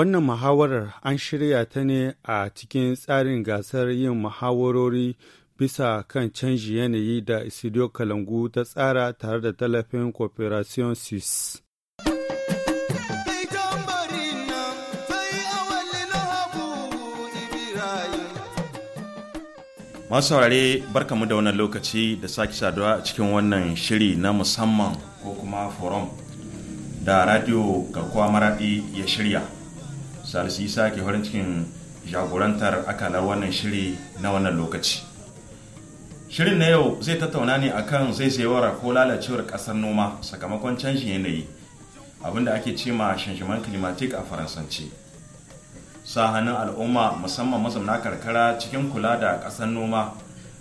Wannan muhawarar an shirya ta ne a cikin tsarin gasar yin muhawarori bisa kan canji yanayi da Isidio Kalangu ta tsara tare da tallafin Cooperation sis Masu saurare barkamu da wannan lokaci da sake saduwa a cikin wannan shiri na musamman ko kuma forum da radio ga kowa maraɗi ya shirya. salisu yi ke farin cikin jagorantar akalar wannan shiri na wannan lokaci shirin na yau zai tattauna ne akan zaizayewar ko lalacewar kasar noma sakamakon canjin yanayi abinda ake ce ma shanshiman climatic a faransanci sa hannun al'umma musamman mazauna karkara cikin kula da kasar noma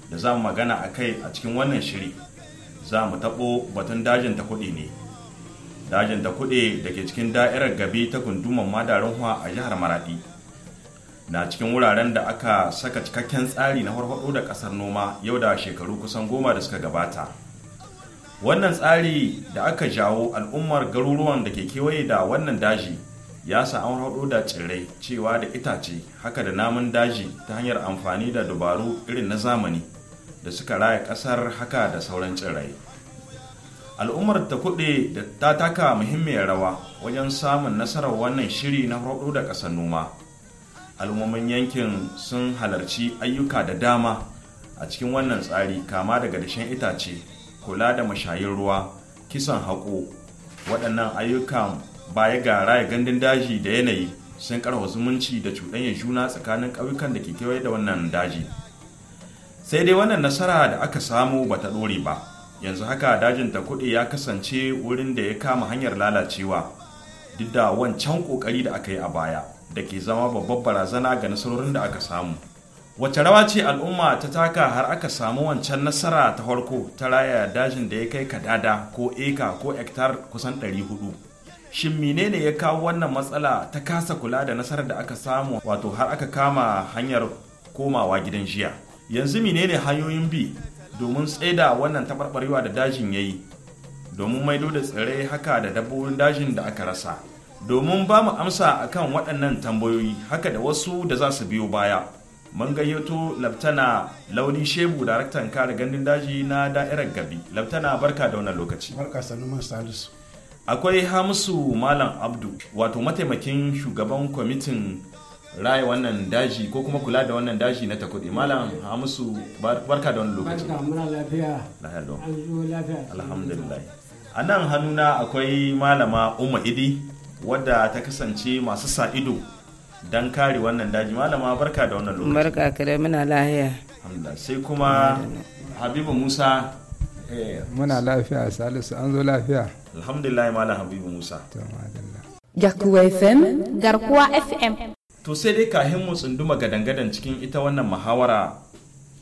da za mu magana a kai a cikin wannan shiri za mu taɓo batun dajin ta kuɗi ne dajin kuɗi kuɗe da ke cikin da'irar gabi ta gunduman madarin a jihar maradi na cikin wuraren da aka saka cikakken tsari na farfaɗo da ƙasar noma yau da shekaru kusan goma da suka gabata wannan tsari da aka jawo al'ummar garuruwan da ke kewaye da wannan daji ya sa an haɗo da tsirrai cewa da itace haka da namun daji ta hanyar amfani da dubaru irin na zamani da suka raya ƙasar haka da sauran tsirrai al'ummar ta kuɗe da ta taka muhimmiyar rawa wajen samun nasarar wannan shiri na hudu da ƙasar noma al'ummomin yankin sun halarci ayyuka da dama a cikin wannan tsari kama daga dashen itace kula da mashayin ruwa kisan haƙo waɗannan ayyukan baya ga raya gandun daji da yanayi sun ƙarfa zumunci da cuɗanyar juna tsakanin ƙauyukan da ke kewaye da wannan daji sai dai wannan nasara da aka samu ta ɗore ba yanzu haka dajin ta kuɗi ya kasance wurin da ya kama hanyar lalacewa duk da wancan ƙoƙari da aka yi a baya da ke zama babbar barazana ga nasarorin da aka samu wace rawa ce al'umma ta taka har aka samu wancan nasara ta farko ta raya dajin da ya kai kadada ko eka ko hektar kusan 400 shin menene ya kawo wannan matsala ta kasa kula da nasarar da aka samu wato har aka kama hanyar komawa gidan jiya yanzu menene hanyoyin bi domin tsaida wannan taɓarɓarewa da dajin ya yi domin maido da tsirrai haka da dabbobin dajin da aka rasa domin ba mu amsa kan waɗannan tambayoyi haka da wasu da za su biyo baya mun gayyato laftana launi shebu daraktan kare gandun daji na da'irar gabi laftana barka da wannan lokaci barka sanuman salisu akwai hamisu malam abdu wato mataimakin shugaban kwamitin raya wannan daji ko kuma kula da wannan daji na takuɗi malam hamisu barka da wani lokaci barka muna lafiya alhamdulillah a nan hannuna akwai malama umma idi wadda ta kasance masu sa ido don kare wannan daji malama barka da wannan lokaci barka kare muna lafiya sai kuma habibu musa eh, muna lafiya salisu an zo lafiya alhamdulillah malam habibu musa garkuwa fm garkuwa fm to sai dai kahin mu tsunduma gadangadan cikin ita wannan muhawara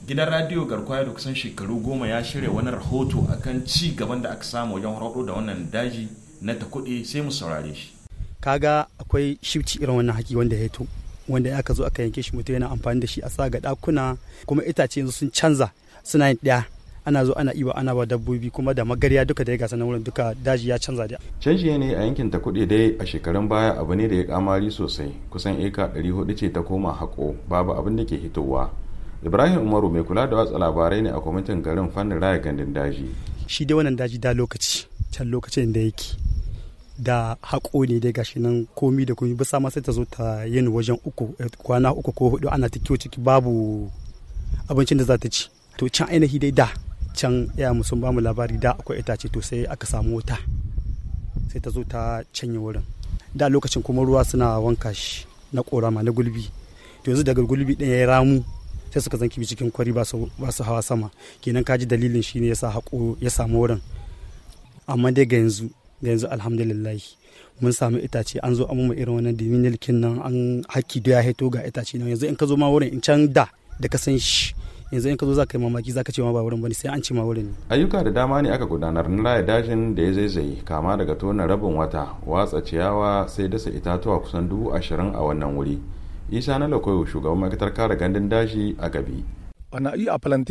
gidan radiyo garkwaya da kusan shekaru goma ya shirya wani rahoto akan ci gaban da aka samu wajen rado da wannan daji na ta kuɗi sai mu saurare shi kaga akwai shifci irin wannan haƙi wanda ya to wanda aka zo aka yanke shi mutum yana amfani da shi a sa ga ɗakuna kuma itace yanzu sun canza suna yin ɗaya ana zo ana iwa ana ba dabbobi kuma da magarya duka da ya gasa na wurin duka daji ya canza da canji ne a yankin ta kuɗi dai a shekarun baya abu ne da ya kamari sosai kusan eka hudu ce ta koma haƙo babu abin da ke hitowa ibrahim umaru mai kula da watsa labarai ne a kwamitin garin fannin raya gandun daji shi dai wannan daji da lokaci can lokacin da yake da haƙo ne dai gashi nan komi da komi bisa ma sai ta zo ta yin wajen uku eh, kwana uku ko hudu ana ta ciki babu abincin da za ta ci to can ainihi dai da can ya mu sun bamu labari da akwai itace to sai aka samu wuta sai ta zo ta canye wurin da lokacin kuma ruwa suna wanka shi na korama na gulbi to yanzu daga gulbi ɗin ya ramu sai suka zanki cikin kwari ba su hawa sama kenan kaji dalilin shi ne yasa haƙo ya samu wurin amma dai ga yanzu ga yanzu alhamdulillah mun samu itace an zo amma irin wannan diminilkin nan an haki da ya haito ga itace nan yanzu in ka zo ma wurin in can da da ka san shi yanzu in ka zo za ka yi mamaki za ka ce ma ba wurin bane sai an ce ma wurin ayyuka da dama ne aka gudanar na layi dajin da ya zaizaye kama daga tona rabin wata watsa ciyawa sai dasa itatuwa kusan dubu ashirin a wannan wuri isa na lakoyo shugaban ma'aikatar kare gandun daji a gabi on a eu à space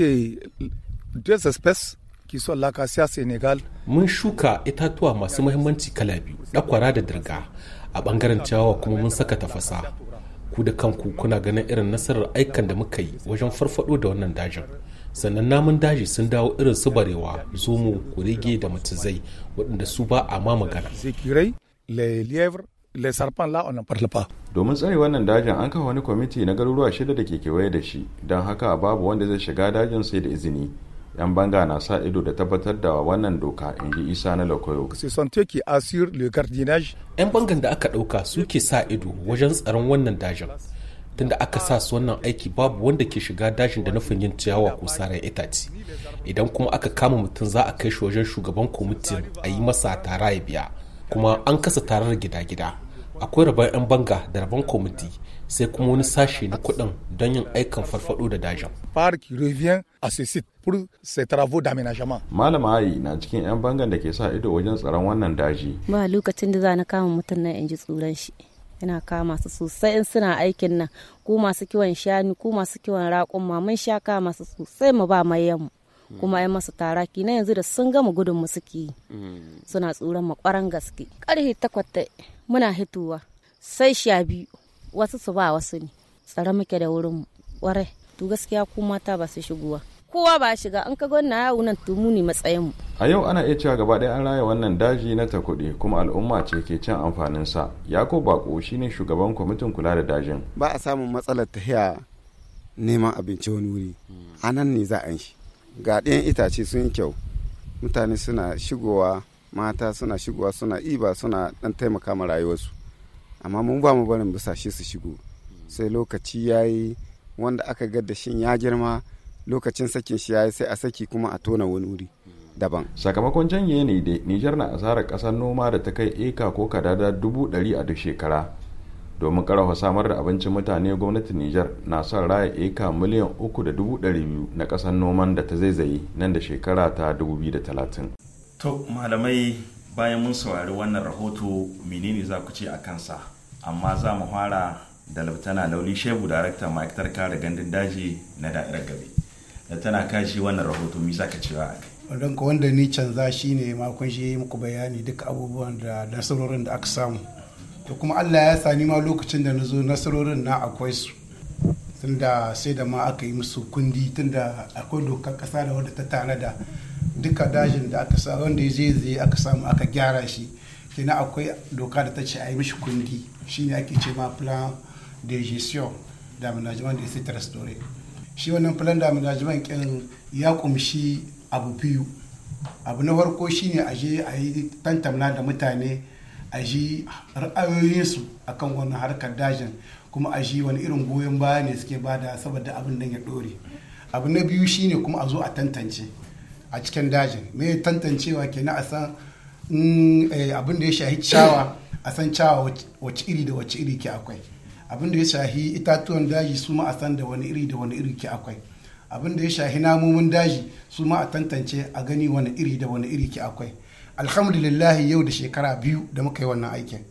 ki espèces qui mun shuka itatuwa masu muhimmanci kala biyu dakwara da dirga a bangaren ciyawa kuma mun saka tafasa ku da kanku kuna ganin irin nasarar aikan da muka yi wajen farfado da wannan dajin sannan namun daji sun dawo irin su barewa zomo kurege da matuzai waɗanda su ba a mamagana domin tsare wannan dajin an kafa wani kwamiti na garuruwa shida da ke kewaye da shi don haka babu wanda zai shiga dajin sai da izini 'yan banga na sa ido da tabbatar da wannan doka in ji isa na lokoyo yan bangan da aka ɗauka suke sa ido wajen tsaron wannan dajin tunda aka sa su wannan aiki babu wanda ke shiga dajin da nufin yin ciyawa ko sarar itace idan kuma aka kama mutum za a kai shi wajen shugaban kwamitin a yi masa tara ya biya kuma an kasa tarar gida-gida akwai rabon 'yan banga da rabon kwamiti sai kuma wani sashe na kuɗin don yin aikan farfado da dajin. Park revient à pour ses travaux d'aménagement. Malam ayi na cikin 'yan bangan da ke sa ido wajen tsaron wannan daji. Ba lokacin da za na kama mutum na in ji tsoron shi. Yana kama su sosai in suna aikin nan ko masu kiwon shanu ko masu kiwon raƙon mun sha kama su sosai mu ba mayan kuma ai masu taraki na yanzu da sun gama gudun mu suke mm. suna tsoron mu kwaran gaske karfe takwas muna hituwa sai sha biyu wasu su ba wasu ne tsare muke da wurin ware to gaskiya ku mata ba su shigowa kowa ba shiga an ka gwanna yawo nan tumu ne matsayin a yau ana iya cewa gaba ɗaya an raya wannan daji na takudi kuma al'umma ce ke cin amfanin sa yako bako shine shugaban kwamitin kula da dajin ba a samun matsalar ta tahiya neman abinci wani wuri a nan ne za a yi ga ɗayan itace sun yi kyau mutane suna shigowa mata suna shigowa suna iba suna ɗan taimaka ma rayuwarsu amma mun ba mu barin shi su shigo sai lokaci ya yi wanda aka ga da shin ya girma lokacin sakin shi ya yi sai a saki kuma a tona wani wuri daban sakamakon janye ne da nijar na asarar kasar noma da ta kai eka ko kadada dubu ɗari a duk shekara domin karawa samar da abincin mutane gwamnatin nijar na son raya eka miliyan uku da dubu ɗari biyu na kasar noman da ta zaizaye nan da shekara ta dubu biyu da talatin to malamai bayan mun saurari wannan rahoto menene za ku ce a kansa amma za mu fara da lautana lauli shehu daraktan ma'aikatar kare gandun daji na da'irar gabe tana kashi wannan rahoto mi zaka cewa a ka wanda ni canza shi ne makon shi muku bayani duka abubuwan da nasarorin da aka samu to kuma allah ya sani ma lokacin da na zo nasarorin na akwai su tun da sai da ma aka yi musu kundi tun da akwai dokar kasa da wadda ta tanada duka dajin da aka sa wanda ya zai aka samu aka gyara shi kina akwai doka da ta ce a yi mishi kundi shine ake ce ma plan de gestion de amenajament de site restauré. shi wannan plan amenajament management ia ya și abu biyu abu na farko shine a je a yi tantamna da mutane a ra'ayoyinsu akan wannan harkar dajin kuma a wani irin goyon baya ne suke bada saboda abin nan dore abu na biyu shine kuma a zo a tantance a cikin dajin me tantancewa kenan a san mm, eh, abin da ya shahi cawa. a san cewa wace iri da wace iri ke akwai abin da ya shahi itatuwan daji su ma a san da wani iri da wani iri ke akwai abin da ya shahi namomin daji su ma a tantance a gani wani iri da wani iri ke akwai alhamdulillahi yau da shekara biyu da muka yi wannan aikin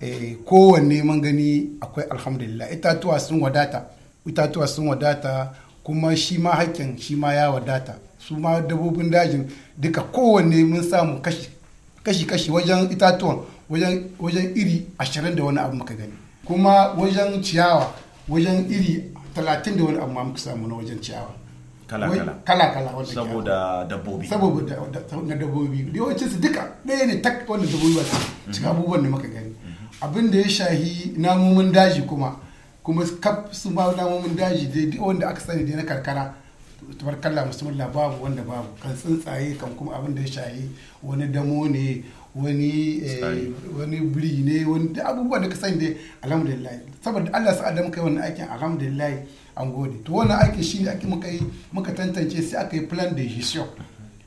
eh, kowanne mun gani akwai alhamdulillah itatuwa sun wadata itatuwa sun wadata kuma shi ma hakkin shi ma ya wadata su ma dabbobin dajin duka kowanne mun samu kashi kashi wajen itatuwan wajen wajen iri ashirin da wani abu muka gani kuma wajen ciyawa wajen iri talatin da wani abu muka samu na wajen ciyawa kala-kala saboda dabbobi saboda na dabbobi da yawancin su duka ɗaya ne tak wanda dabbobi ba su mhm. cika abubuwan da muka gani mhm. abin da ya shahi namomin daji kuma kuma kaf su ba namomin daji dai wanda aka sani dai na karkara tabarkalla musamman babu wanda babu kan tsuntsaye kan kuma abin da ya shahi wani damo ne wani eh, wani biri ne wani abubuwa da ka sani dai alhamdulillah saboda Allah sa Adam kai wannan aikin alhamdulillah an gode to wannan aikin shine ake muka yi muka tantance sai aka yi plan de gestion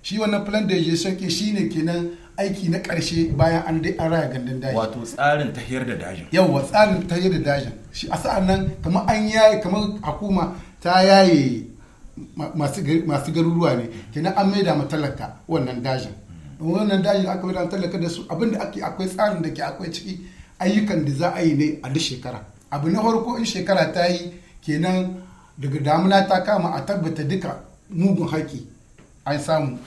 shi wannan plan de gestion ke shine kenan aiki na karshe bayan an dai an raya gandun daji wato tsarin tahiyar da dajin yawa tsarin tahiyar da dajin shi a sa'an nan kamar an yaye kamar hukuma ta yaye masu garuruwa ne kenan an maida matalaka wannan dajin domin wannan daji aka wadatar da da su abinda ake akwai tsarin da ke akwai ciki ayyukan da za a yi ne a duk shekara abu na farko in shekara ta yi kenan daga damuna ta kama a tabbata duka mugun haƙi an samu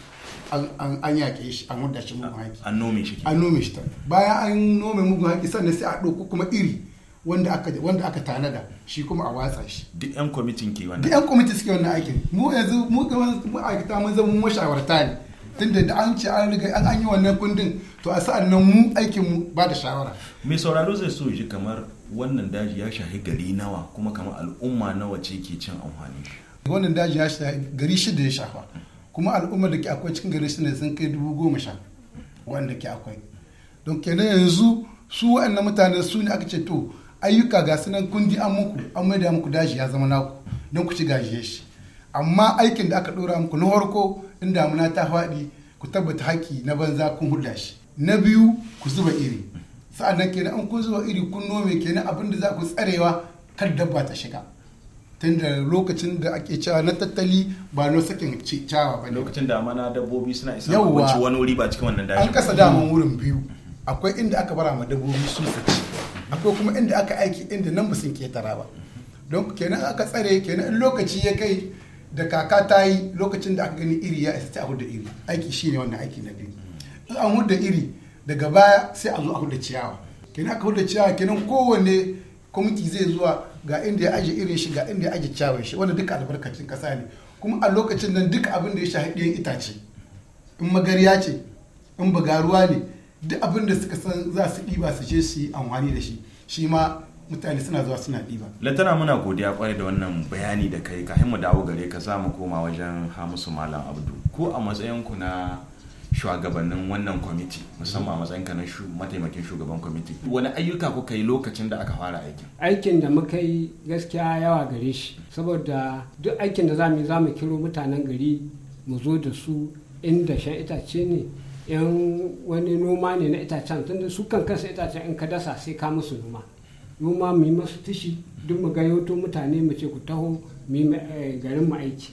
an yaƙe shi an wadda shi mugun haƙi an nome shi an nome shi bayan an nome mugun haƙi sannan sai a ɗauko kuma iri wanda aka wanda aka tanada shi kuma a watsa shi duk yan kwamitin ke wannan duk yan kwamitin suke wannan aikin mu yanzu mu ga mu aikata mun zama mashawarta ne tunda da an ce an an yi wannan kundin to a sa'an nan mu aikin mu ba da shawara mai sauraro zai so ji kamar wannan daji ya shahi gari nawa kuma kamar al'umma nawa ce ke cin amfani wannan daji ya shahi gari shida ya shafa kuma al'ummar da ke akwai cikin gari shida sun kai dubu goma sha wanda ke akwai don kenan yanzu su waɗannan mutane su ne aka ce to ayyuka ga sunan kundi an muku an maida muku daji ya zama naku don ku ci gajiye shi amma aikin da aka ɗora muku na farko in damuna ta faɗi ku tabbata haƙi na banza kun huda shi na biyu ku zuba iri sa'annan kenan in kun zuba iri kun nome kenan abin da za ku tsarewa kar dabba ta shiga tun da lokacin da ake cewa na tattali ba na sakin cewa ba lokacin da amana dabbobi suna isa yau wani wuri ba cikin wannan daji an kasa daman wurin biyu akwai inda aka bara ma dabbobi su saci akwai kuma inda aka aiki inda nan ba sun ketara ba don kenan aka tsare kenan lokaci ya kai da kaka ta yi lokacin da aka gani iri ya isa a huda iri aiki shi ne wannan aiki na biyu in an huda iri daga baya sai a zo a huda ciyawa kenan aka huda ciyawa kenan kowanne kwamiti zai zuwa ga inda ya aje irin shi ga inda ya aje ciyawar shi wanda duka albarkacin kasa ne kuma a lokacin nan duka abin da ya shahi ɗiyan itace in magariya ce in bagaruwa ne duk abin da suka san za su ɗiba su je su yi amfani da shi shi ma mutane suna zuwa suna ɗiba. Latana muna godiya kwarai da wannan bayani da kai ka mu dawo gare ka za mu koma wajen Hamisu Malam Abdu. Ko a matsayinku na shugabannin wannan kwamiti musamman a ka na mataimakin shugaban kwamiti wani ayyuka kuka yi lokacin da aka fara aikin aikin da muka yi gaskiya yawa gare shi saboda duk aikin da zamu yi zamu kiro mutanen gari mu zo da su inda shan itace ne yan wani noma ne na itacen tunda su kan kansa itacen in ka dasa sai ka musu noma noma ma mu yi masu tishi duk mu gayyato mutane mu ce ku taho mu yi eh, garin mu aiki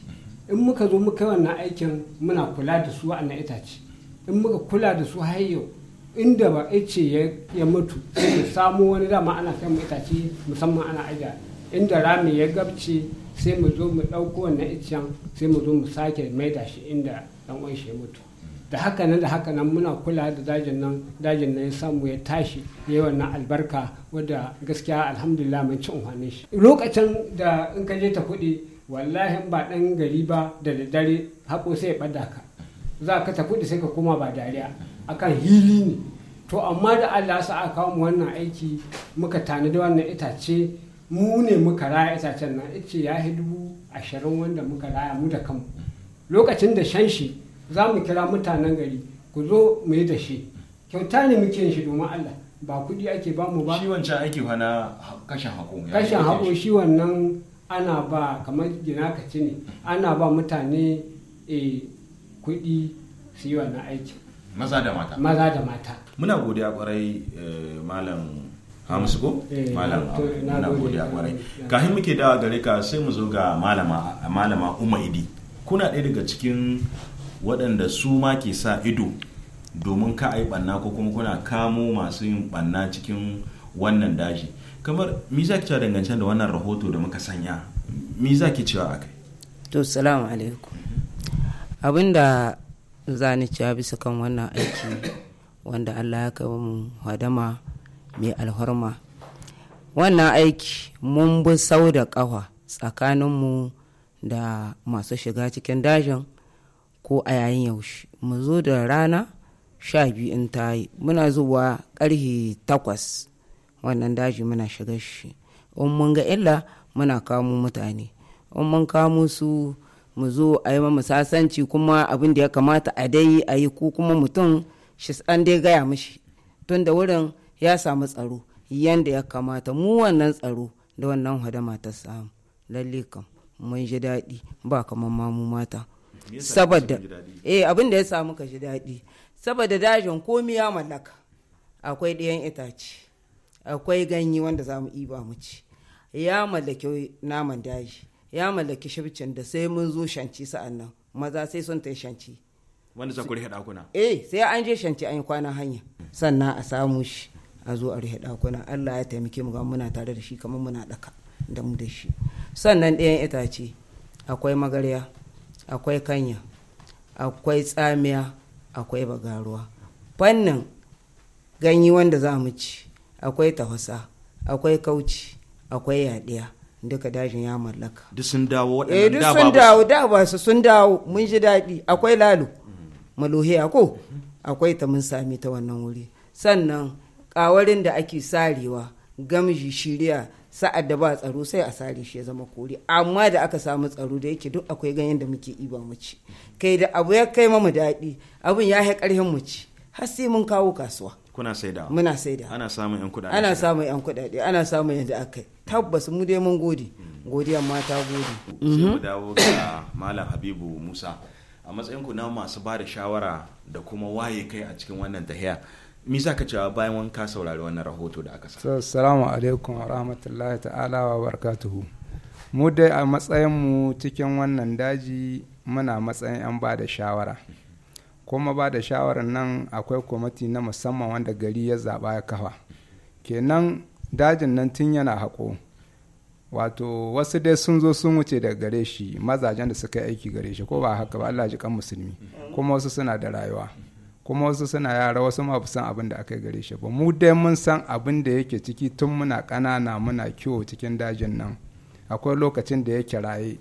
in muka zo muka wannan aikin muna kula da su wa'annan itace in muka kula da su har yau inda ba ice ya mutu sai mu samu wani dama ana kai mu itace musamman ana aja inda rami ya gabce sai mu zo mu ɗauko wannan icen sai mu zo mu sake maida shi inda dan uwan shi ya mutu da haka nan da haka nan muna kula da dajin nan dajin nan ya samu ya tashi ya wannan albarka wadda gaskiya alhamdulillah mun ci umarnin shi lokacin da in ka je ta kuɗi wallahi ba ɗan gari ba da daddare haƙo sai ya ɓada ka za ka ta sai ka koma ba dariya akan hili ne to amma da Allah sa aka kawo mu wannan aiki muka da wannan itace mu ne muka raya itacen nan ice ya dubu ashirin wanda muka raya mu da kanmu lokacin da shan shi za mu kira mutanen gari ku zo mu yi da shi kyauta ne muke yin shi domin Allah ba kuɗi ake ba mu ba shi wancan aiki na kashin hako kashin hako shi wannan ana ba kamar gina ka ci ne ana ba mutane e, kuɗi su yi wannan aikin maza da mata maza da mata muna godiya kwarai e, malam hamisu ko e, malam muna godiya kwarai kahin muke dawa gare ka sai mu zo ga malama malama Idi kuna ɗaya daga cikin waɗanda su ma ke sa ido domin ka a yi ɓanna ko kuma kuna kamo masu yin ɓanna cikin wannan daji kamar mi za ki cewa dangance da wannan rahoto da muka sanya mi za ki cewa a kai to salamu alaikum abinda za ni cewa bisa kan wannan aiki wanda allah ya kawo mu hadama mai alhorma wannan aiki mun bi sau da ƙawa tsakaninmu da masu shiga cikin dajin ko a yayin yaushe mu zo da rana sha biyu in ta yi muna zuwa karhe takwas wannan daji muna shiga shi in mun ga illa muna kamo mutane in mun kamo su mu zo a yi mamu kuma abin da ya kamata a dai a yi ko kuma mutum shi an dai gaya mishi tun da wurin ya samu tsaro yanda ya kamata mu wannan tsaro da wannan hadama ta samu lalle kam mun ji daɗi ba kamar mamu mata saboda eh abin da ya samu ka ji daɗi saboda dajin komi ya mallaka akwai ɗayan itace akwai ganye wanda za mu iba mu ci ya mallaki naman daji ya mallaki shibcin da sai mun zo shanci sa'an nan maza sai sun ta shanci wanda za ku rihe ɗakuna eh sai an je shanci an yi kwana hanya sannan a samu shi a zo a rihe ɗakuna allah ya taimake mu ga muna tare da shi kamar muna ɗaka da mu da shi sannan ɗayan itace akwai magarya akwai kanya akwai tsamiya akwai bagaruwa fannin ganyi wanda za mu ci akwai tafasa akwai kauci akwai yaɗiya duka dajin ya mallaka duk sun dawo waɗannan eh, da sun dawo da ba su sun dawo mun ji daɗi akwai lalu maluhiya ko akwai ta mun sami ta wannan wuri sannan ƙawarin da ake sarewa gamji shirya sa'ad da ba tsaro sai a sare shi ya zama kore amma da aka samu tsaro da yake duk akwai ganyen da muke iba muci kai da abu ya kai mamu daɗi abun ya haƙar karhin har sai mun kawo kasuwa kuna saida muna saida ana samun yan kuɗaɗe ana samun yan kuɗaɗe ana samun yadda aka yi tabbas mu dai mun gode godiya mata gode sai mu mhm. dawo ga malam habibu musa a matsayin ku na masu ba da shawara da kuma waye kai a cikin wannan tahiya mi za ka cewa bayan wanka saurari wannan rahoto da aka sa assalamu alaikum wa rahmatullahi ta'ala wa barakatuhu mu dai a matsayin mu cikin wannan daji muna matsayin 'yan ba da shawara kuma ba da shawarar nan akwai kwamiti na musamman wanda gari ya zaba ya kafa kenan dajin nan tun yana haƙo wato wasu dai sun zo sun wuce daga gare shi mazajen da suka yi aiki gare shi ko ba haka ba Allah ji kan musulmi kuma wasu suna da rayuwa kuma wasu suna yara wasu ma san abin da aka gare shi ba mu dai mun san abin da yake ciki tun muna ƙanana muna kiwo cikin dajin nan akwai lokacin da yake raye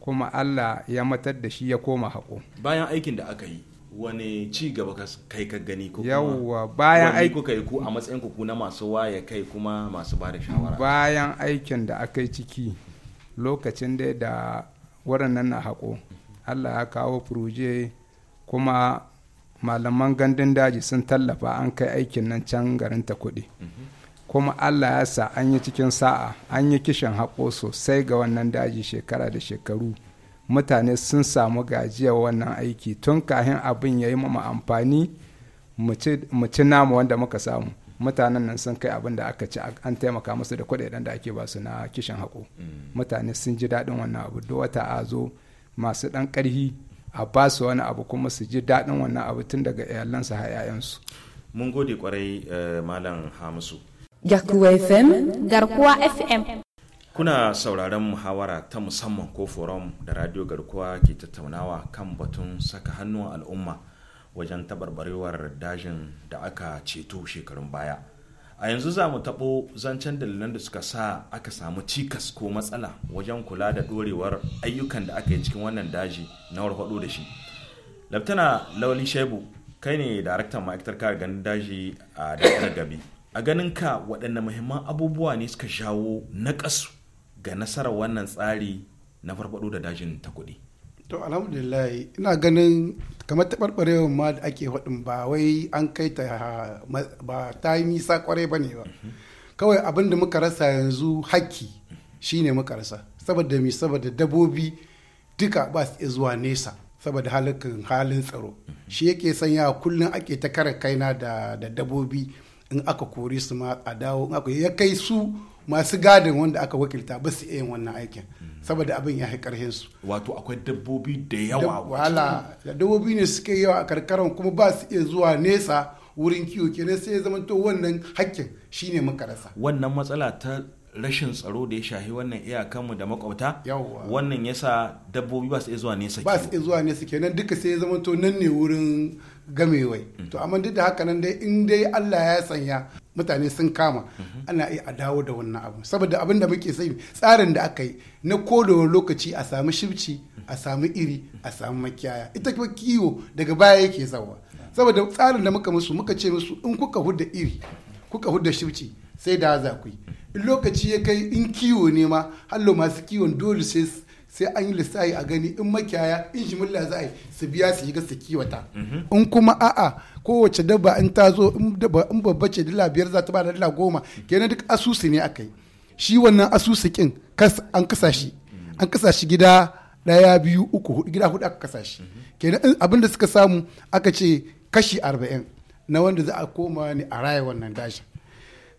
kuma Allah ya matar da shi ya koma haƙo bayan aikin da aka yi wani ci gaba ka kai ka gani ko yawwa bayan aiki kuka yi ku a matsayin ku na masu waye kai kuma masu ba da shawara bayan aikin da aka yi ciki lokacin dai da wurin nan na haƙo Allah ya kawo furuje kuma malaman gandun daji sun tallafa an kai aikin nan can garin ta kuɗi kuma allah ya sa an yi cikin sa'a an yi kishin haƙo sosai ga wannan daji shekara da shekaru mutane sun samu gajiyar wannan aiki tun kahin abin ya yi mama amfani mu ci namu wanda muka samu mutanen nan sun kai abin da aka ci an taimaka musu da kuɗaɗen da ake su na kishin haƙo mm. mutane sun ji daɗin wannan abu da wata a zo masu ɗan ƙarfi a ba su wani abu kuma su ji daɗin wannan abu tun daga iyalansu har 'ya'yansu mun gode kwarai eh, malam hamisu garkuwa fm garkuwa fm kuna sauraron muhawara ta musamman ko forum da radio garkuwa ke tattaunawa kan batun saka hannun al'umma wajen tabarbarewar dajin da aka ceto shekarun baya a yanzu za mu taɓo zancen dalilan da suka sa aka samu cikas ko matsala wajen kula da ɗorewar ayyukan da aka yi cikin wannan daji na warfaɗo da shi laftana lauli shebu kai ne daraktan ma'aikatar kare ganin daji a dakirar gabi a ganin ka waɗanne muhimman abubuwa ne suka jawo naƙasu ga nasarar wannan tsari na farfaɗo da dajin ta kuɗi to alhamdulillah ina ganin kamar taɓarɓarewar ma da ake faɗin ba wai an kai ta ba ta yi nisa kwarai ba ne ba kawai abin da muka rasa yanzu hakki shine muka rasa saboda mi saboda dabobi duka ba su iya zuwa nesa saboda halakin halin tsaro shi yake sanya kullum ake ta kare kaina da dabobi in aka kori su ma a dawo ya kai su masu gadin wanda aka wakilta ba su iya wannan aikin saboda abin ya fi hensu. su wato akwai dabbobi da yawa wala dabbobi ne suke yawa a karkaran kuma ba su iya zuwa nesa wurin kiwo kenan sai ya zama to wannan hakkin shine muka rasa wannan matsala ta rashin tsaro da ya shahi wannan iyakanmu da makwabta wannan yasa dabbobi ba su iya zuwa nesa ba su iya zuwa nesa kenan duka sai ya zama to nan ne wurin gamewai mm. to amma duk da haka nan dai in dai Allah ya sanya mutane sun kama ana iya a dawo da wannan abu saboda abin da muke sai tsarin da aka yi na kodowar lokaci a samu shibci a samu iri a samu makiyaya ita kuma kiwo daga baya yake zawa saboda tsarin da muka musu muka ce musu in kuka hudda iri kuka hudda shibci sai da za ku yi in lokaci ya kai in kiwo ne ma hallo masu kiwon dole sai sai an yi lissafi a gani in makiyaya in mulla za a yi su biya su shiga su kiwata mhm. in kuma a'a kowace dabba in ta zo in babba ce dala biyar za ta ba da dala goma kenan duk asusu ne aka yi shi wannan asusu kin an kasa shi mhm. an kasa shi gida daya biyu uku hudu gida hudu aka kasa shi mhm. kenan abin da suka samu aka ce kashi arba'in na wanda za a koma ne a raya wannan dashi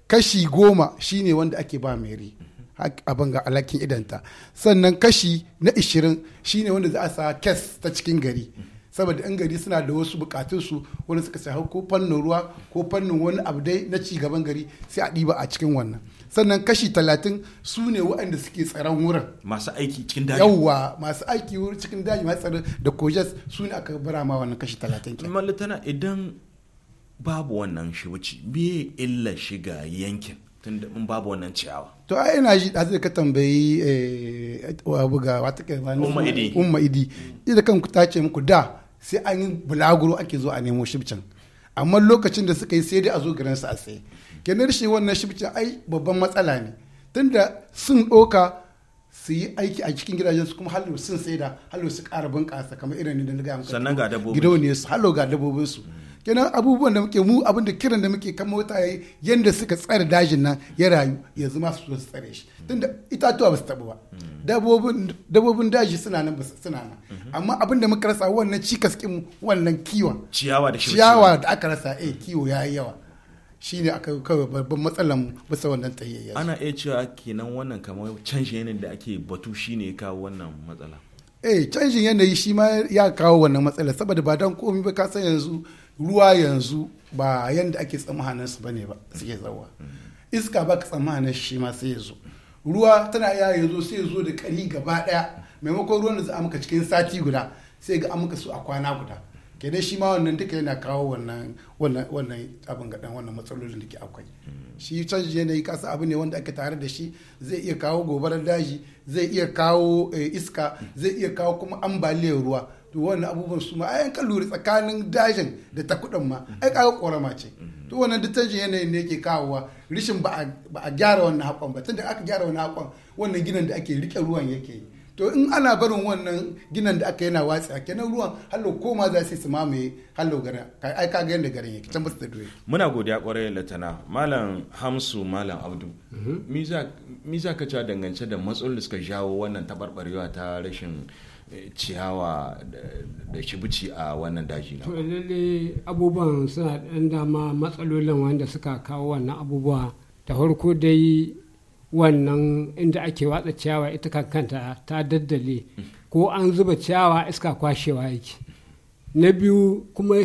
kashi goma shine wanda ake ba mai abin ga alakin idanta sannan kashi na 20 shine wanda za a sa kes ta cikin gari saboda yan gari suna da wasu bukatunsu wanda suka shafi ko fannin ruwa ko fannin wani abu dai na ci gaban gari sai a diba a cikin wannan sannan kashi talatin su ne waɗanda suke tsaron wurin masu aiki cikin daji yawwa masu aiki wurin cikin daji masu tsaron da kojas su ne aka bara ma wannan kashi talatin ke mallitana idan babu wannan shi wuce me illa shiga yankin tunda mun babu wannan ciyawa to a yana ji da zai ka tambayi eh, wa ga wata kirmani umma idi ita kan ku tace muku da sai an yi bulaguro ake zo a nemo shibcin amma lokacin da suka yi sai dai a zo garin sa a tsaye kenan rashin wannan shibcin ai babban matsala ne tunda sun ɗoka su yi aiki a cikin gidajen su kuma halu sun da halu su ƙara bunƙasa kamar irin da na gaya sannan ga dabbobi gidauniyar su halu ga dabbobin su kenan abubuwan da muke mu abin da kiran da muke kan mota yayi yanda suka tsare dajin nan ya rayu yanzu ma su tsare shi tunda itatuwa ba su taɓa ba dabobin daji suna nan suna nan amma abin da muka rasa wannan cikas kin wannan kiwon ciyawa da ciyawa da aka rasa eh kiwo yayi yawa shine aka kawai babban matsalan bisa wannan tahiyayya ana iya cewa kenan wannan kamar canjin yanayin da ake batu shine kawo wannan matsala eh canjin yanayi shi ma ya kawo wannan matsala saboda ba don komi ba ka san yanzu ruwa yanzu ba yanda ake tsammanin su bane ba suke zawa iska ba ka tsammanin shi ma sai ya zo ruwa tana iya ya zo sai ya zo da kari gaba daya maimakon ruwan da za a maka cikin sati guda sai ga amuka su a kwana guda kenan shi ma wannan duka yana kawo wannan wannan abin gadan wannan matsalolin da ke akwai shi canji yanayi kasa abu ne wanda ake tare da shi zai iya kawo gobarar daji zai iya kawo eh, iska zai iya kawo kuma ambaliyar ruwa to wannan abubuwan su ma ai an kalluri tsakanin dajin da ta kudin ma ai kaga korama ce to wannan duk canjin yanayin ne yake kawowa rishin ba a gyara wannan hakon ba tunda aka gyara wannan hakon wannan ginin da ake rike ruwan yake to in ana barin wannan ginin da aka yana watsi a kenan ruwan hallo koma za su su mamaye hallo gara ai kaga yanda garin yake can da doye muna godiya kwarai latana malam hamsu malam abdu mi mm-hmm. za ka ca dangance da matsalolin da suka jawo wannan tabarbarewa ta rashin ciyawa da shibuci a wannan daji na to lalle abubuwan suna ɗan dama matsalolin wanda suka kawo wannan abubuwa ta farko dai wannan inda ake watsa ciyawa ita kanta ta daddale ko an zuba ciyawa iska kwashewa yake na biyu kuma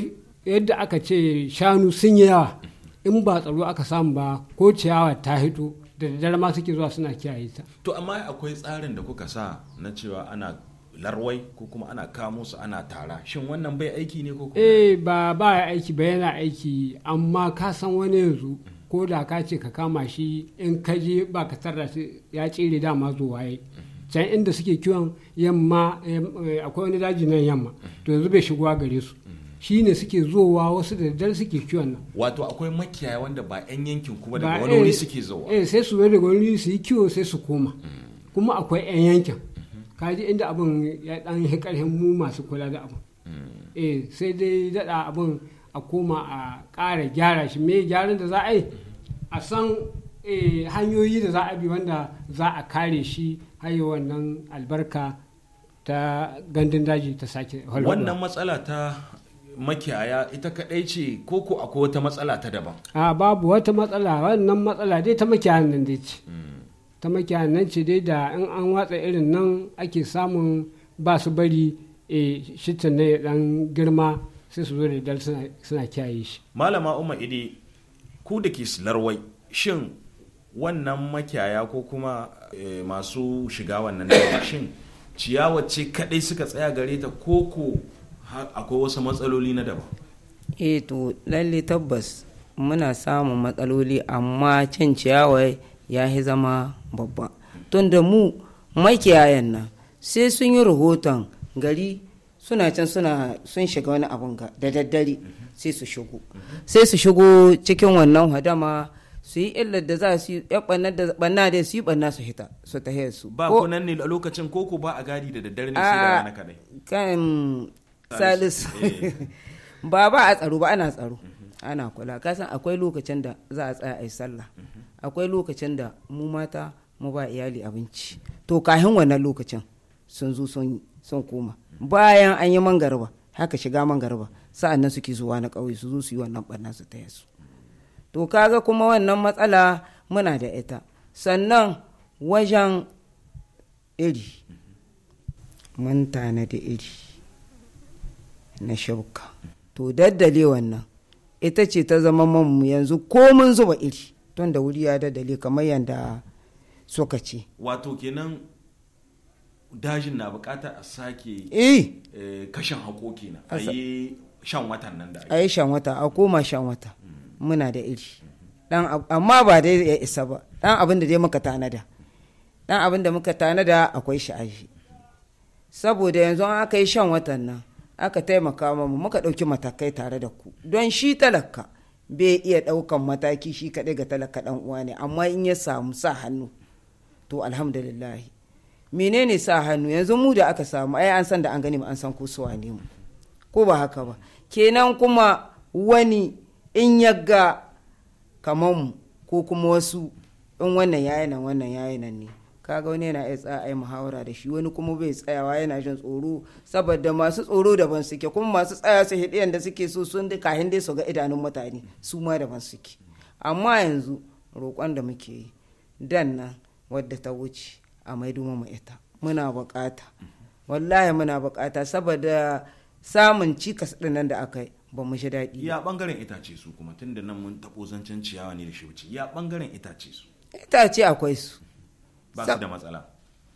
yadda aka ce shanu sun yi yawa in ba tsaro aka samu ba ko ciyawa ta hito da daddare ma suke zuwa suna kiyaye ta to amma akwai tsarin da kuka sa na cewa ana larwai ko kuma ana kamo su ana tara shin wannan bai aiki ne ko kuma eh ba ba aiki ba yana aiki amma ka san wani yanzu ko da ka ce ka kama shi in ka je ba ka tarda shi ya tsire dama zuwa yi can inda suke kiwon yamma eh, akwai wani daji nan yamma to yanzu bai shigowa gare su shi ne suke zowa wasu da daddare suke kiwon nan. Wato akwai makiyaya wanda ba 'yan yankin kuma daga wani wuri eh, suke zowa. Eh sai su zo daga wani su yi kiwo sai su koma. Mm. Kuma akwai 'yan yankin. ka ji inda abin ya dan yi karhin mu masu kula da abin mm. eh sai dai daɗa abin a koma a ƙara gyara shi me gyaran da za a yi a san eh, hanyoyi da za a bi wanda za a kare shi hayo wannan albarka ta gandun daji ta sake wannan matsala ta makiyaya ita kaɗai ce ko ko akwai wata matsala ta daban a babu wata matsala wannan matsala dai ta makiyayan nan dai ce mm. ta makiya nan ce dai da in an watsa irin nan ake samun ba su bari e shitin na dan girma sai su zo da dal suna kiyaye shi malama umar idi ku da ke silarwai shin wannan makiyaya ko kuma e, masu shiga wannan shin ciyawa ce kadai suka tsaya gare ta ko ko akwai wasu matsaloli na daban eh to lalle tabbas muna samun matsaloli amma cin ciyawa ya yi zama babba tunda mu makiyayan nan sai sun yi rahoton gari suna can suna sun shiga wani abun da daddare sai su shigo sai su shigo cikin wannan hadama su yi illar da za su yi banna da su yi banna su hita su ta su ba ko nan ne a lokacin koko ba a gadi da daddare ne sai da rana kadai kan salis eh. ba ba a tsaro ba ana tsaro ana kula kasan akwai lokacin da za a tsaya a yi sallah mhm. akwai lokacin da mu mata mu ba iyali abinci to kahin wannan lokacin sun zo sun koma bayan an yi mangarba haka shiga garba, sa'an nan suke zuwa na ƙauye su zo su yi wannan ɓarna su taya su to kaga kuma wannan matsala muna da ita sannan wajen iri mun tanadi iri na shauka to daddale wannan ita ce ta zama mu yanzu ko mun zuba iri tun da wuri ya dadali kamar yadda suka ce wato kenan dajin na bukata a sake eh. Eh, kashin hako kenan a yi shan watan nan da a yi shan wata a koma shan wata muna da iri dan amma ba dai ya isa ba dan abin da dai muka tanada dan abin da muka tanada akwai shi saboda yanzu an aka yi shan watan nan aka taimaka mu muka ɗauki matakai tare da ku don shi talaka bai iya ɗaukan mataki shi kaɗai ga talaka ɗan uwa ne amma in ya samu sa hannu to alhamdulillah menene sa hannu yanzu mu da aka samu ai an san da an gani mu an san ko suwa ne mu ko ba haka ba kenan kuma wani in yagga kamar mu ko kuma wasu in wannan yayi nan wannan yayi nan ne kaga wani yana iya tsaya ai muhawara da shi wani kuma bai tsayawa yana jin tsoro saboda masu tsoro daban suke kuma masu tsaya su hidiyan da suke so sun da kahin dai su ga idanun mutane su ma daban suke amma yanzu roƙon da muke yi dan nan wadda ta wuce a maido mu ita muna bukata wallahi muna bukata saboda samun cikas nan da aka yi ba mu shi daɗi ya bangaren itace su kuma tun da nan mun taɓo zancen ciyawa ne da shi wuce ya bangaren itace su itace akwai su ba su da matsala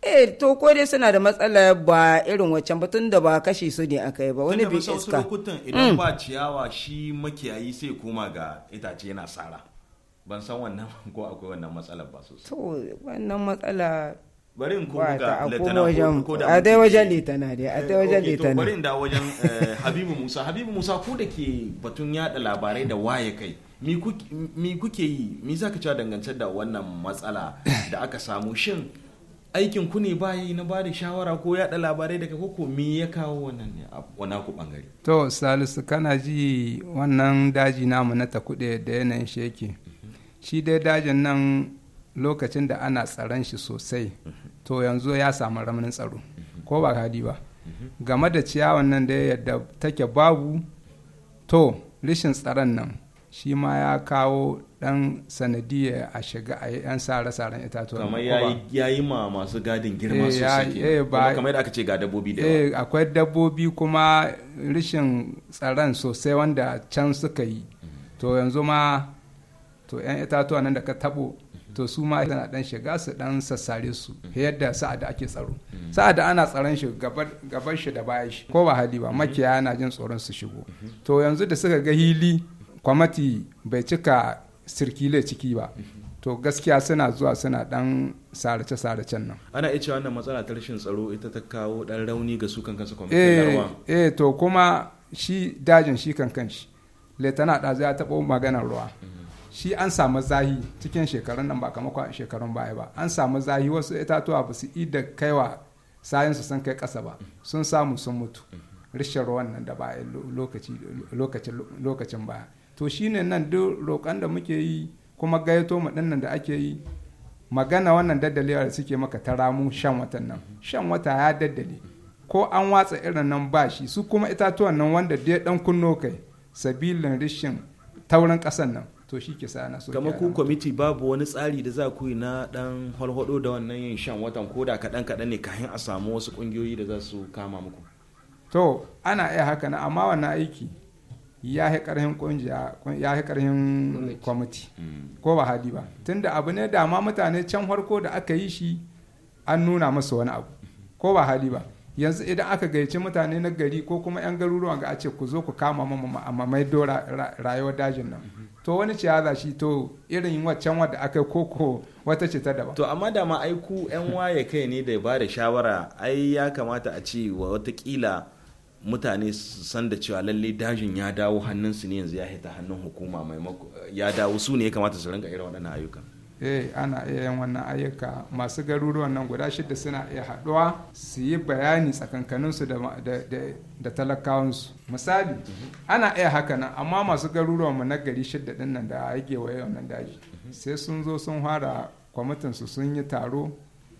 eh to ko dai suna da matsala ba irin waccan ba tunda ba kashi su ne aka yi ba wani bi iska tunda lokutan idan mm. ba ciyawa shi makiyayi sai koma ga itace yana sara ban san wannan ko akwai wannan matsalar ba sosai to wannan matsala bari in ko ga litana ko da a dai wajen litana dai a eh, dai wajen litana bari in da wajen eh, habibu musa habibu musa ku da ke batun yada labarai da waye kai mi kuke yi mi za ka cewa dangance da wannan matsala da aka samu shin aikin ku ne ba yi na ba da shawara ko yada labarai daga koko me ya kawo wannan ne a wani ku bangare to salisu kana ji wannan daji namu na takude da yanayin shi yake mhm. shi dai dajin nan lokacin da ana tsaron shi sosai to yanzu ya samu raminin tsaro ko ba hadi ba game da ciyawan nan da yadda take babu to rishin tsaron nan shi ma ya kawo dan sanadiyya a shiga a yi yan sare-saren itatuwa kamar ya yi ma masu gadin girma eh, sosai kuma eh, kamar yadda aka ce ga dabbobi da yawa eh, akwai dabbobi kuma rishin tsaron sosai wanda can suka yi mm-hmm. to yanzu ma to yan itatuwa nan da ka tabo to su ma na dan shiga su dan sassare su mm. yadda sa'a da ake tsaro mm. sa'a da ana tsaron shi gaban shi da bayan shi ko ba hali ba mm-hmm. makiya na jin tsoron su shigo mm-hmm. to yanzu da suka ga hili kwamati bai cika sirkile ciki ba mm-hmm. to gaskiya suna zuwa suna dan sarace-saracen nan ana iya cewa wannan matsala ta rashin tsaro ita ta kawo dan rauni ga su su kwamitin eh, eh to kuma shi dajin shi kankan shi letana ɗazu ya taɓa maganar ruwa shi an samu zahi cikin shekarun nan ba kamakon shekarun baya ba an samu zahi wasu itatuwa ba su da kaiwa sayansu sun kai kasa ba sun samu sun mutu rishin ruwan nan da ba lokacin baya to shi ne nan duk roƙon da muke yi kuma gayyato mu ɗin da ake yi magana wannan daddalewa da suke maka ta ramu shan watan nan shan wata ya daddale ko an watsa irin nan bashi su kuma itatuwan nan wanda dai dan kunno kai sabilin rishin taurin kasan nan to shi ke sa so kamar ku kwamiti babu wani tsari da za ku yi na dan holhodo da wannan yin shan watan ko da kadan kadan ne kafin a samu wasu kungiyoyi da za su kama muku to ana iya haka na amma wannan aiki ya yi karhin kungiya ya yi karhin kwamiti mm. ko ba hadi ba tunda abu ne dama mutane can farko da aka yi shi an nuna masa wani abu ko ba hadi ba yanzu idan aka gayyaci mutane na gari ko kuma 'yan garuruwa ga a ce ku zo ku kama mamma mai do rayuwar dajin nan mm-hmm. to wani ce ya shi to irin waccan wadda aka koko wata ce ta daba. to amma da ma aiku 'yan waye kai ne da ba da shawara ai ya kamata a ce wa watakila mutane su san da cewa lalle dajin ya dawo hannunsu ne yanzu ya hita hannun hukuma maimako ya dawo su ne ya kamata su rinka irin waɗannan ayyukan eh ana iya yin wannan ayyuka masu garuruwan nan guda shida suna iya haɗuwa su yi bayani tsakankaninsu da, talakawansu misali mhm. ana iya haka nan amma masu garuruwan mu na gari shida din nan da ake waye wannan daji mhm. sai sun zo sun fara kwamitinsu sun yi taro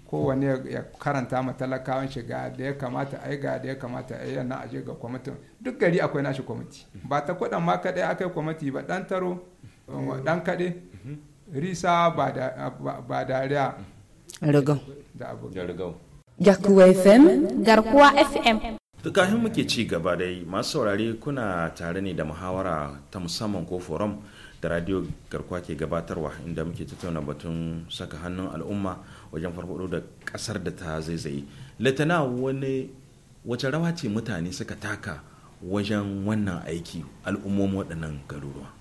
kowane ya karanta ma talakawan ga da ya kamata yi ga da ya kamata yi yana aje ga kwamitin duk gari akwai nashi kwamiti mhm. ba ta kuɗin ma kaɗai akai kwamiti ba ɗan taro eh. ɗan kaɗai risa ba dariya da garkuwa fm garkuwa fm tukahin muke ci gaba dai masu saurare kuna tare ne da muhawara ta musamman ko forum da radio garkuwa ke gabatarwa inda muke tattauna batun saka hannun al'umma wajen farfado da kasar da ta zaizaye latana wani wace rawa ce mutane suka taka wajen wannan aiki al'ummomin waɗannan garuruwa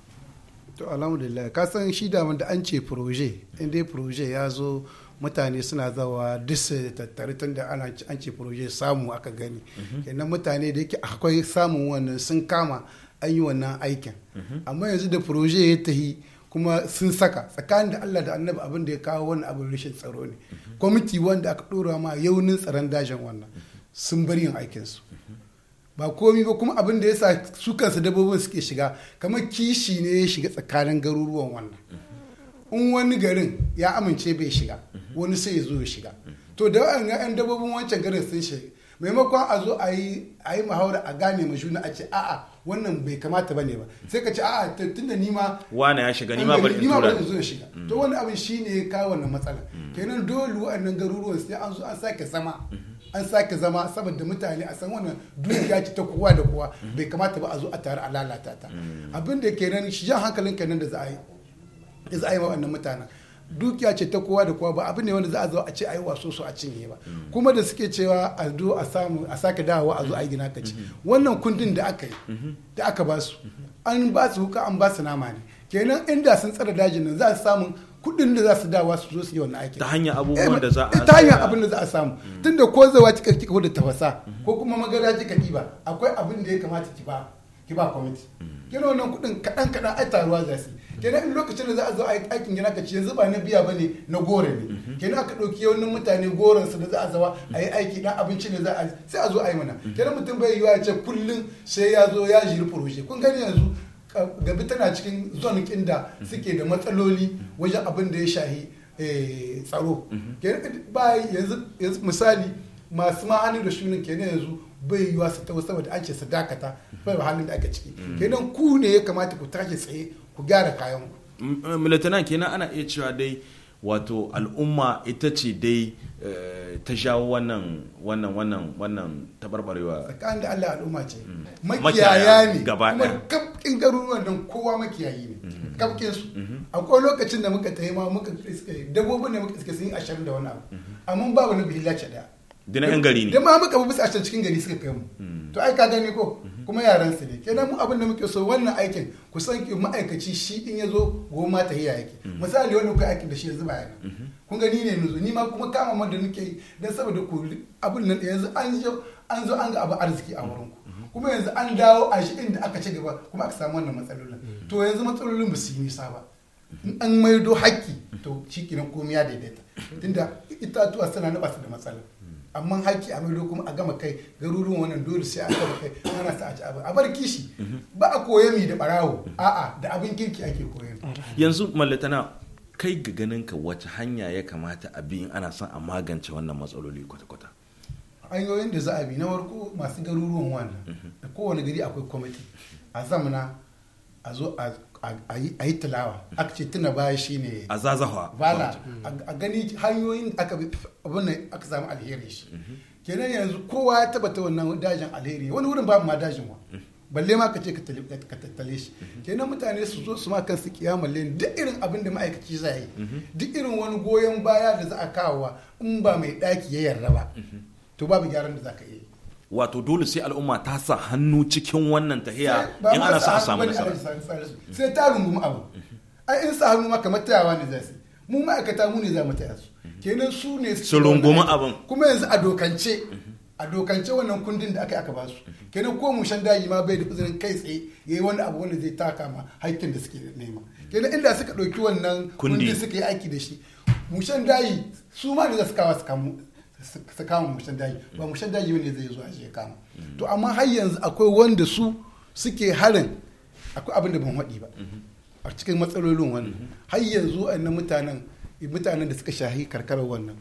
to alhamdulillah ka san shi da da an ce proje in dai proje ya zo mutane suna zawa disa tattare tun da an ce proje samu aka gani mhm. kenan mutane da yake akwai samun wannan sun kama an yi wannan aikin mhm. amma yanzu da proje ya tahi kuma sun saka tsakanin da Allah da annabi abin da ya kawo wannan abin rashin tsaro ne mhm. kwamiti wanda aka ɗora ma yaunin tsaron dajin wannan sun bari yin aikinsu ba komi ba kuma abin da ya sa su kansa dabbobin suke shiga kamar kishi ne ya shiga tsakanin garuruwan wannan in wani garin ya amince bai shiga wani sai ya zo ya shiga to da wa'an yan dabbobin wancan garin sun shiga maimakon a zo a yi a yi muhawara a gane ma juna a ce a'a wannan bai kamata ba ne ba sai ka ce a'a tun da nima wane ya shiga nima bari nima bari zo ya shiga mm. to wani abin shine ya kawo wannan matsala kenan dole wa'annan garuruwan sai an zo an sake sama an sake zama saboda mutane a san wannan dukiya ce ta kowa da kowa bai kamata ba a zo a tare a lalata ta mm. abin da ke nan shi jan hankalin nan da za a yi da za a yi wa wannan mutanen dukiya ce ta kowa da kowa ba abin ne wanda za a zo a ce ai waso su a cinye ba mm. kuma da suke cewa a zo a samu a sake dawowa a zo a yi gina ci mm-hmm. wannan kundin da aka yi mm-hmm. da aka basu mm-hmm. an basu su an basu nama ne kenan inda sun tsara dajin nan za su samu kuɗin da za su dawa su zo su yi wannan aikin ta hanyar abubuwan eh, da za a eh, ta hanyar abin da za a samu mm. tunda ko zawa kika kika da tafasa ko kuma magara kika diba akwai abin da ya kamata ki ba ki ba kwamiti mm. kina wannan kuɗin kaɗan kaɗan ai taruwa za su mm. kenan in lokacin da za a zo aikin gina ka ce zuba na biya ba ne na gore ne mm-hmm. kenan aka ɗauki yawanin mutane goron su da za a zawa a yi mm-hmm. aiki na abinci ne za a sai a zo a yi mana mm-hmm. kenan mutum bai wa ya ce kullum sai ya zo ya jiri furoshe kun gani yanzu gabi tana cikin zon inda suke da matsaloli wajen abin da ya shahi eh, tsaro yanzu misali masu ma'ani da shunin kenan yanzu bai yiwa su tawo saboda an ce su dakata bai halin da aka ciki mm. kenan ku ne ya kamata ku tashi tsaye ku gyara kayan ku. Mm, mm, kenan ana iya cewa dai wato al'umma ita ce dai eh, ta jawo wannan wannan wannan wannan tabarbarewa tsakanin da Allah al'umma ce mm. makiyaya ne gaba kuma kafkin garuruwan nan kowa makiyayi ne mm-hmm. kafkin su mm-hmm. akwai lokacin da muka tayi ma muka suka dabbobin da muka suka sun yi ashirin da wani abu mm-hmm. amma babu na billahi da dinan yan gari ne da ma muka bi bisa cikin gari suka kai mu hmm. to ai ka gani ko kuma yaran su ne kenan mu abin da muke so wannan aikin ku san ki ma'aikaci shi in ya zo goma ta hiya yake hmm. misali wani kai aikin da shi yanzu ba yana hmm. kun gani ne nuzo ni ma kuma kama ma da nake dan saboda ku abin nan yanzu an zo an zo an ga abu arziki a wurin ku kuma yanzu an dawo a shi inda aka ci gaba kuma aka samu wannan matsalolin to yanzu matsalolin ba su yi nisa ba an maido haƙƙi to shi kenan komiya daidaita tunda itatuwa suna na da matsala amma haƙƙi a maido kuma a gama kai garuruwan wannan dole sai a gama kai ana ta a ci abin a bar kishi mhm. ba a koya mi da barawo a'a da abin kirki ake koya yanzu mallatana kai ga ganin ka wace hanya ya kamata a bi in ana son a magance wannan matsaloli kwata-kwata hanyoyin da za a bi na farko masu garuruwan wannan mhm. da kowane gari akwai kwamiti a zamana a zo a a yi tilawa a ce tuna baya shine a zazahwa bala a gani hanyoyin da aka bi abin aka samu alheri shi mhm. kenan yanzu kowa ya tabbata wannan dajin alheri wani wurin babu ma dajin wa mhm. balle ma ka ce ka tattale shi mhm. kenan mutane su zo su ma su kiyama leni duk irin abin da ma'aikaci za yi duk irin wani goyon baya da za a kawowa in ba mai ɗaki ya yarda ba to babu gyaran da za ka yi wato dole sai al'umma ta sa hannu cikin wannan tahiya in ana sa a samu nasara sai ta rungumi abu ai in sa hannu ma kamar tayawa ne za su mu ma'aikata mu ne za mu taya su kenan su ne su rungumi abin kuma yanzu a dokance a dokance wannan kundin da aka aka ba su kenan ko shan daji ma bai da uzurin kai tsaye yayi wani abu wanda zai taka ma haƙƙin da suke nema kenan inda suka ɗauki wannan kundi suka yi aiki da shi shan daji su ma ne za su kawo su kamu su kama mushen daji ba mushen daji ne zai zo a je kama mm. to amma har yanzu akwai wanda su suke harin akwai abin da ban haɗi ba mm-hmm. a cikin matsalolin wannan mm-hmm. har yanzu annan mutanen mutanen da suka shahi karkarar wannan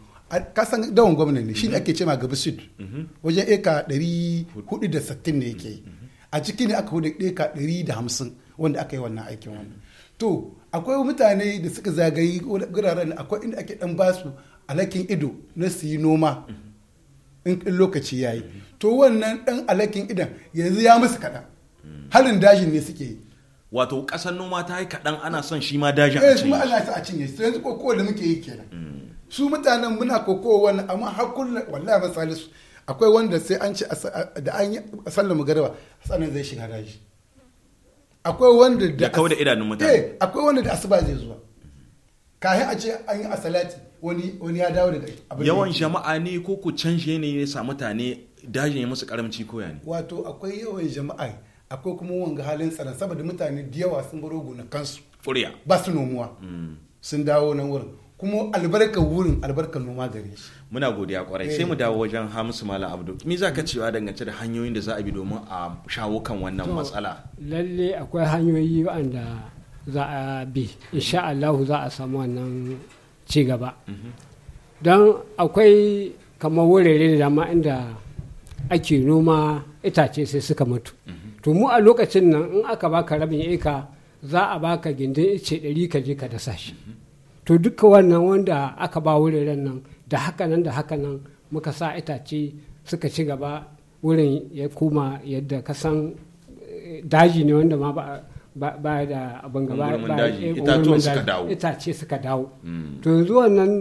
san dawon gwamna ne shi ne mm-hmm. ake ma gabi sud wajen eka 460 ne yake a ciki ne aka hudu eka 150 wanda aka yi wannan aikin wannan to akwai mutane da suka zagayi guraren akwai inda ake dan basu alakin ido na su yi noma in lokaci yayi to wannan dan alakin idan yanzu ya musu kaɗan harin dajin ne suke yi wato ƙasar noma ta yi kaɗan ana son shi ma dajin a eh, cikin shi ma ana son a cinye shi yanzu kokowa da muke yi kenan su mutanen muna kokowa wannan amma har kullum wallahi masalisu akwai wanda sai an ci da an yi sallar magariba sanan zai shiga daji akwai wanda da kawo da idanun mutane eh akwai wanda da asuba zai zuwa kahin a ce an yi asalati wani wani ya dawo daga abin yawan jama'a ne ko ku canje ne ya sa mutane dajin ya musu karamci koya ne wato akwai yawan jama'a akwai kuma wanga halin tsaron saboda mutane da yawa sun baro gonakansu furiya ba su nomuwa mm. sun dawo nan wurin kuma albarkar wurin albarkar noma gare shi muna godiya kwarai sai mu dawo wajen hamisu malam abdu me za ka cewa dangance da hanyoyin da za a bi domin a shawo kan wannan matsala lalle akwai hanyoyi wanda za a bi insha Allah za a samu wannan ci gaba mhm. don akwai kamar wurare da dama inda ake noma itace sai suka mutu mhm. to mu a lokacin nan in aka baka rabin eka za a baka gindin ice ɗari ka je ka dasa shi mhm. to duka wannan wanda aka ba wuraren nan da hakanan da hakanan muka sa itace suka ci gaba wurin ya kuma yadda ka san eh, daji ne wanda ma ba da abin gaba eh, itace suka dawo hmm. to yanzu wannan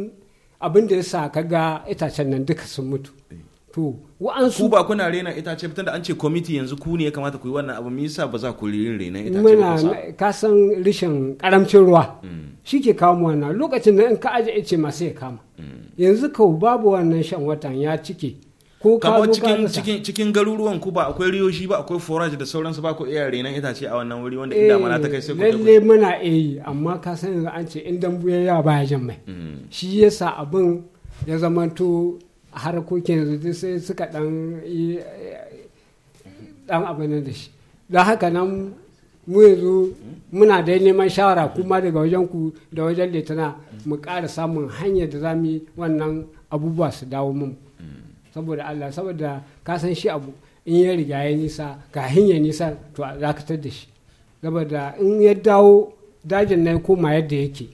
abin da ya sa ka ga itacen nan duka sun mutu eh. to wa'ansu ku ba kuna rena itace fitan da an ce kwamiti yanzu ku ne ya kamata ku yi wannan abu me yasa ba za ku ririn rena itace muna ka san rishin karamcin ruwa mm. shi ke kawo mu wannan lokacin da in ka aje ice ma sai ya kama mm. yanzu ka babu wannan shan watan ya cike ko ka cikin cikin cikin garuruwan ku ba akwai riyoshi ba akwai forage da sauransu ba ku iya renan itace a wannan wuri wanda inda mana ta kai sai ku eh, lalle muna eh amma ka san yanzu an ce in dambu ya ba mm. ya jan mai shi yasa abin ya zamanto harkokin yanzu sai suka dan dan abin da shi don haka nan mu yanzu muna da neman shawara kuma daga wajen ku da wajen litana mu ƙara samun hanyar da za mu yi wannan abubuwa su dawo mun saboda allah saboda ka san shi abu in ya riga ya nisa ka hinya nisa to za ka da shi saboda in ya dawo dajin na koma yadda yake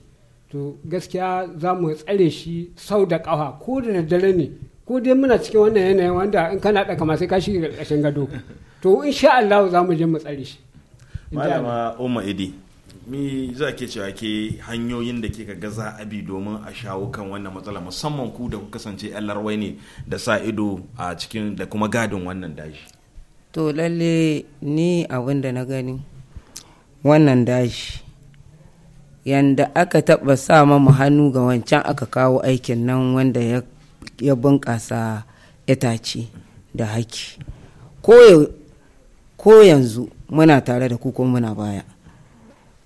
to gaskiya za mu tsare shi sau da ƙafa ko da daddare ne ko dai muna cikin wannan yanayin wanda in kana daga masu kashi ga ƙarshen gado to in sha Allah za mu je mu tsare shi malama umma idi mi za ke cewa ke hanyoyin da ke ga za a bi domin a shawo kan wannan matsala musamman ku da ku kasance yan larwai ne da sa ido a cikin da kuma gadin wannan daji to lalle ni abin da na gani wannan daji yanda aka taba sa mamu hannu ga wancan aka kawo aikin nan wanda ya ya bunƙasa itace da haki ko yanzu muna tare da ku muna baya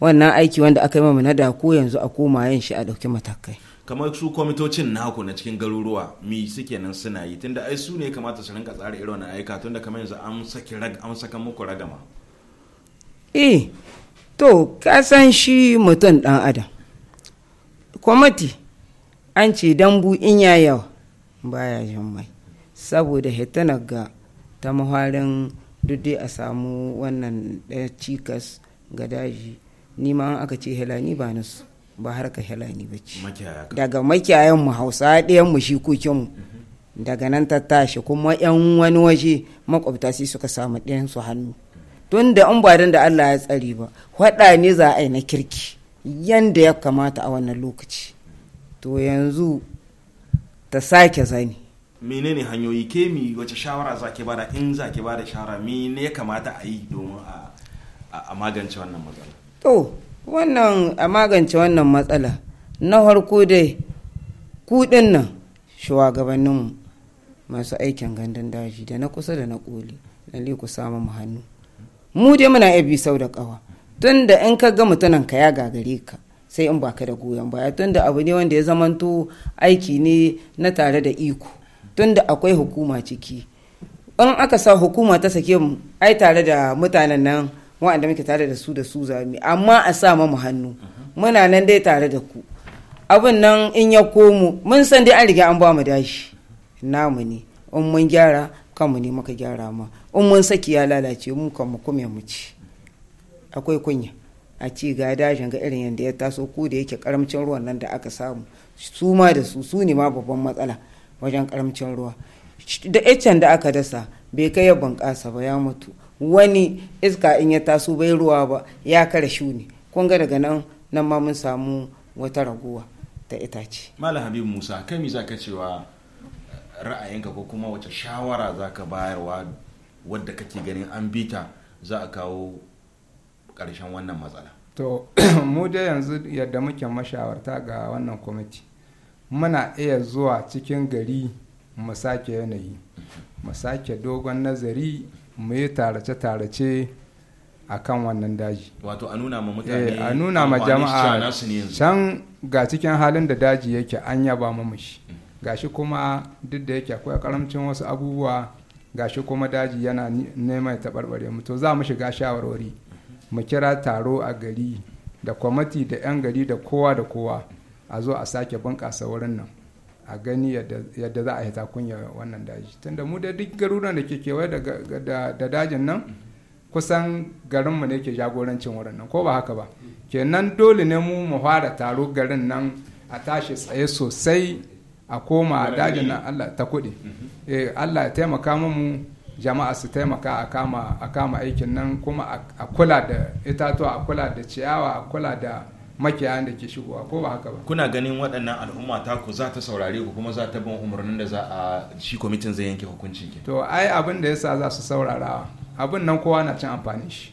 wannan aiki wanda aka yi na da ko yanzu a koma yin shi a ɗauki matakai kamar su kwamitocin naku na cikin garuruwa mi suke nan suna yi tunda ai su ne kamata su rinka tsara irin wannan aika tunda kamar yanzu an saki rag an saka muku ragama eh to ka san shi mutum dan adam kwamati an ce dambu in ya yawa baya jin mai saboda hitanar ga ta muharin dai a samu wannan ɗaya cikas ga daji ni ma aka ce helani ba nasu ba har ka helani ba ce daga makiyayan mu hausa ɗayan mu shi kukin daga nan ta tashi kuma yan wani waje makwabta sai suka samu ɗayan su hannu tun da an ba da Allah ya tsari ba faɗa ne za a yi na kirki yanda ya kamata a wannan lokaci to yanzu ta sake zani menene hanyoyi ke mi wace shawara za ke bada in za ke bada shawara mene ya kamata a yi domin a magance wannan matsala to wannan a magance wannan matsala na harko dai kudin nan shugabanninmu masu aikin gandun daji da na kusa da na koli na ku samu mu hannu mu dai muna iya bi sau da kawa tun da in ka ga mutanen ka ya gagare ka sai in baka da goyon baya tunda abu ne wanda ya zamanto aiki ne na tare da iko tunda akwai hukuma ciki in aka sa hukuma ta sake mu ai tare da mutanen nan wa'anda muke tare da su da su zami amma a sa mu hannu muna nan dai tare da ku abin nan in ya komo mun san dai an riga an ba mu dashi namu ne in mun gyara kanmu ne muka gyara ma in mun saki ya lalace mu kan mu kume mu ci akwai kunya a ci ga dajin ga irin yadda ya taso ko da yake karamcin ruwan nan da aka samu su ma da su su ne ma babban matsala wajen karamcin ruwa da iccen da aka dasa bai kai ya bunƙasa ba ya mutu wani iska in ya taso bai ruwa ba ya kare shuni kun ga daga nan nan ma mun samu wata raguwa ta itace malam habibu musa kai mi zaka cewa ra'ayinka ko kuma wace shawara zaka bayarwa wadda kake ganin an bita za a kawo ƙarshen wannan matsala to mu da yanzu yadda muke mashawarta ga wannan kwamiti muna iya zuwa cikin gari mu sake yanayi mu sake dogon nazari mu yi tarace-tarace a kan wannan daji wato a nuna ma mutane eh, a nuna ma jama'a can ga cikin halin da daji yake an yaba mamushi mm. gashi kuma duk da yake akwai karamcin wasu abubuwa gashi kuma daji yana neman ya taɓarɓare mu to za mu shiga shawarwari mu kira taro a gari da kwamati da 'yan gari da kowa da kowa a zo a sake bunƙasa wurin nan a gani yadda za a yi takunya wannan daji tunda mu da duk garuruwan da ke kewaye da dajin nan kusan garinmu ne ke jagorancin wurin nan ko ba haka ba kenan dole ne mu mu fara taro garin nan a tashi tsaye sosai a koma dajin nan allah ta kuɗi mhm. eh, allah ya taimaka mu jama'a su taimaka a kama a kama aikin nan kuma a kula da itatuwa a kula da ciyawa a kula da makiyayan da ke shigowa ko ba haka ba kuna ganin waɗannan al'umma ta ku za ta saurare ku kuma za ta bin umarnin da za a shi kwamitin zai yanke hukuncin ki to ai abin da yasa za su saurara abin nan kowa na cin amfani shi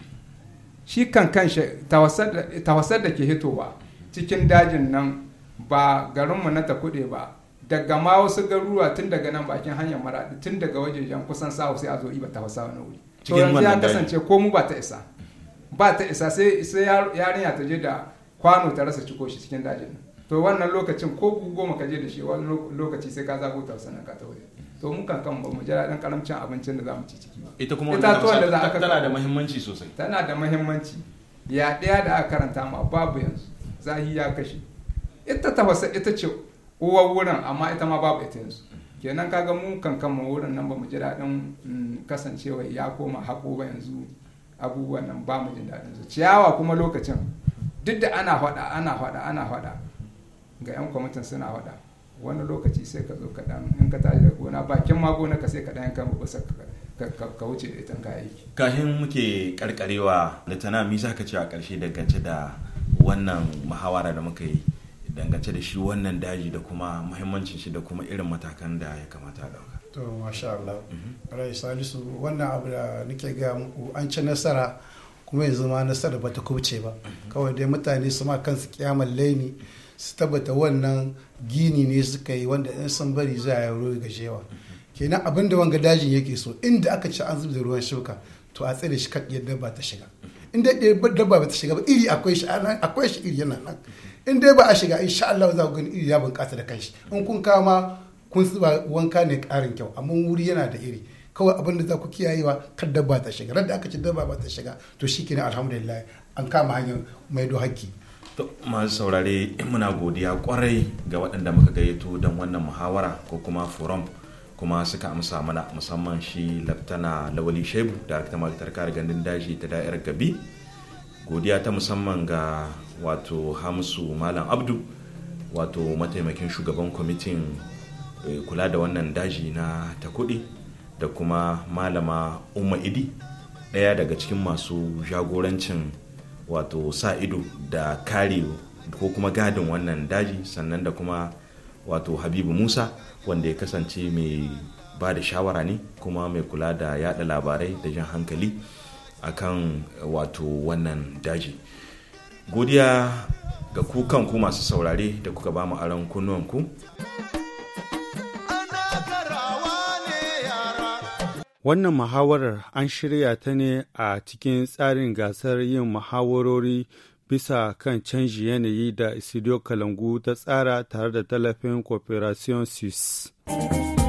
shi kan kan shi tawassar da ke hitowa cikin dajin nan ba garinmu na ta kuɗe ba daga ma wasu garuruwa tun daga nan bakin hanyar maraɗi tun daga wajejen kusan sahu sai a zo iba ta hausa wani wuri to yanzu ya kasance ko mu ba ta isa ba ta isa sai sai yarinya ta je da kwano ta rasa ciko shi cikin dajin nan to wannan lokacin ko ku goma ka je da shi wani lokaci sai ka zago ta sannan ka ta wuri. to mun kan kan ba mu jira dan karamcin abincin da za mu ci ciki ba ita kuma ita to da aka tana da muhimmanci sosai tana da muhimmanci ya daya da aka karanta ma babu yanzu zahi ya kashe ita tafasa ita ce uwar wurin amma ita ma babu ita yanzu kenan kaga mu kan kama wurin nan ba mu ji daɗin mm, kasancewa ya koma haƙo ba yanzu abubuwan nan ba mu jin daɗin su ciyawa kuma lokacin duk da ana faɗa ana faɗa ana faɗa ga 'yan kwamitin suna faɗa wani lokaci sai ka zo ka dan in ka tashi da gona bakin ma gona ka sai ka dan yanka ba ka wuce da ita ka aiki kafin muke karkarewa da tana mi zaka ce a karshe dangance da wannan muhawara da muka yi dangance da shi wannan daji da kuma muhimmancin shi da kuma irin matakan da ya kamata dauka to masha Allah mhm. rai salisu wannan abu da nake gaya muku an ci nasara kuma yanzu ma nasara ba ta kubce ba mhm. kawai dai mutane su ma kansu kiyamar laini su tabbata wannan gini ne suka yi wanda in sun bari za a yi gajewa mhm. kenan abin da wanga dajin yake so inda aka ci an zubi da ruwan shuka to a tsere shi kan yadda ba ta shiga in dai dabba ba ta shiga ba iri akwai shi akwai shi iri yana nan in dai ba a shiga insha Allah za ku gani iri ya bunƙasa da kanshi in kun kama kun ba wanka ne ƙarin kyau amma wuri yana da iri kawai abin da za ku kiyayewa kar dabba ta shiga da aka ce dabba ba ta shiga to shikenan alhamdulillah an kama hanyar maido hakki masu saurare muna godiya kwarai ga waɗanda muka gayyato don wannan muhawara ko kuma forum kuma suka amsa mana musamman shi laftana lawali shebu da ta malitar kare gandun daji ta da'ir gabi godiya ta musamman ga wato hamsu malam abdu wato mataimakin shugaban kwamitin eh, kula da wannan daji na ta kuɗi da kuma malama umma idi ɗaya daga cikin masu jagorancin wato sa ido da kare ko kuma gadin wannan daji sannan da kuma wato habibu musa wanda ya kasance mai ba da shawara ne kuma mai kula da yada labarai da jan hankali akan eh, wato wannan daji godiya ga ku kanku masu saurare da kuka ba mu aron kunnuwanku Wannan muhawarar an shirya ta ne a cikin tsarin gasar yin muhawarori bisa kan canji yanayi da Isidio Kalangu ta tsara tare da tallafin Cooperation Suisse.